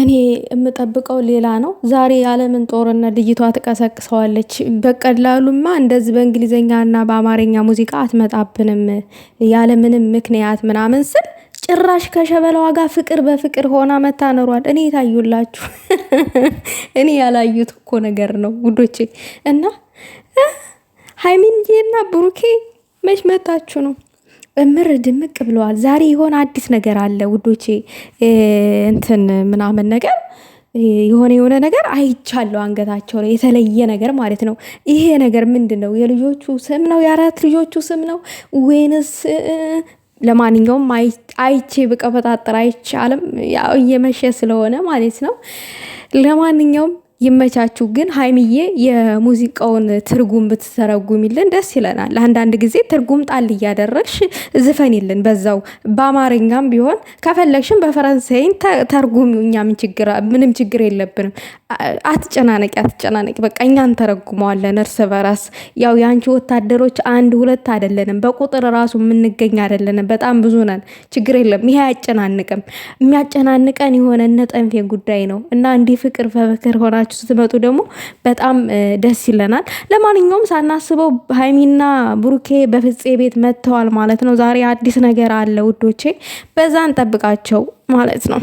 እኔ የምጠብቀው ሌላ ነው። ዛሬ የዓለምን ጦርነት ልጅቷ ትቀሰቅሰዋለች። በቀላሉማ እንደዚህ ና በአማርኛ ሙዚቃ አትመጣብንም ያለምንም ምክንያት ምናምን ስል ጭራሽ ከሸበላዋ ጋር ፍቅር በፍቅር ሆና መታነሯል። እኔ የታዩላችሁ እኔ ያላዩት እኮ ነገር ነው ውዶቼ። እና ሀይሚንዬና ብሩኬ መች መጣችሁ ነው? እምር ድምቅ ብለዋል። ዛሬ የሆነ አዲስ ነገር አለ ውዶቼ፣ እንትን ምናምን ነገር የሆነ የሆነ ነገር አይቻለሁ። አንገታቸው ላይ የተለየ ነገር ማለት ነው። ይሄ ነገር ምንድን ነው? የልጆቹ ስም ነው? የአራት ልጆቹ ስም ነው ወይንስ? ለማንኛውም አይቼ ብቀበጣጠር አይቻልም፣ እየመሸ ስለሆነ ማለት ነው። ለማንኛውም ይመቻችሁ። ግን ሀይሚዬ የሙዚቃውን ትርጉም ብትተረጉሚልን ደስ ይለናል። አንዳንድ ጊዜ ትርጉም ጣል እያደረግሽ ዝፈኒልን በዛው በአማርኛም ቢሆን ከፈለግሽም በፈረንሳይን ተርጉም። እኛ ምንም ችግር የለብንም። አትጨናነቂ፣ አትጨናነቂ። በቃ እኛ እንተረጉመዋለን እርስ በራስ። ያው የአንቺ ወታደሮች አንድ ሁለት አይደለንም፣ በቁጥር ራሱ የምንገኝ አይደለንም። በጣም ብዙ ነን። ችግር የለም። ይሄ አያጨናንቅም። የሚያጨናንቀን የሆነ እነ ጠንፌ ጉዳይ ነው እና እንዲህ ፍቅር በፍቅር ሆና ይዛችሁ ስትመጡ ደግሞ በጣም ደስ ይለናል። ለማንኛውም ሳናስበው ሀይሚና ብሩኬ በፍፄ ቤት መጥተዋል ማለት ነው። ዛሬ አዲስ ነገር አለ ውዶቼ፣ በዛ እንጠብቃቸው ማለት ነው።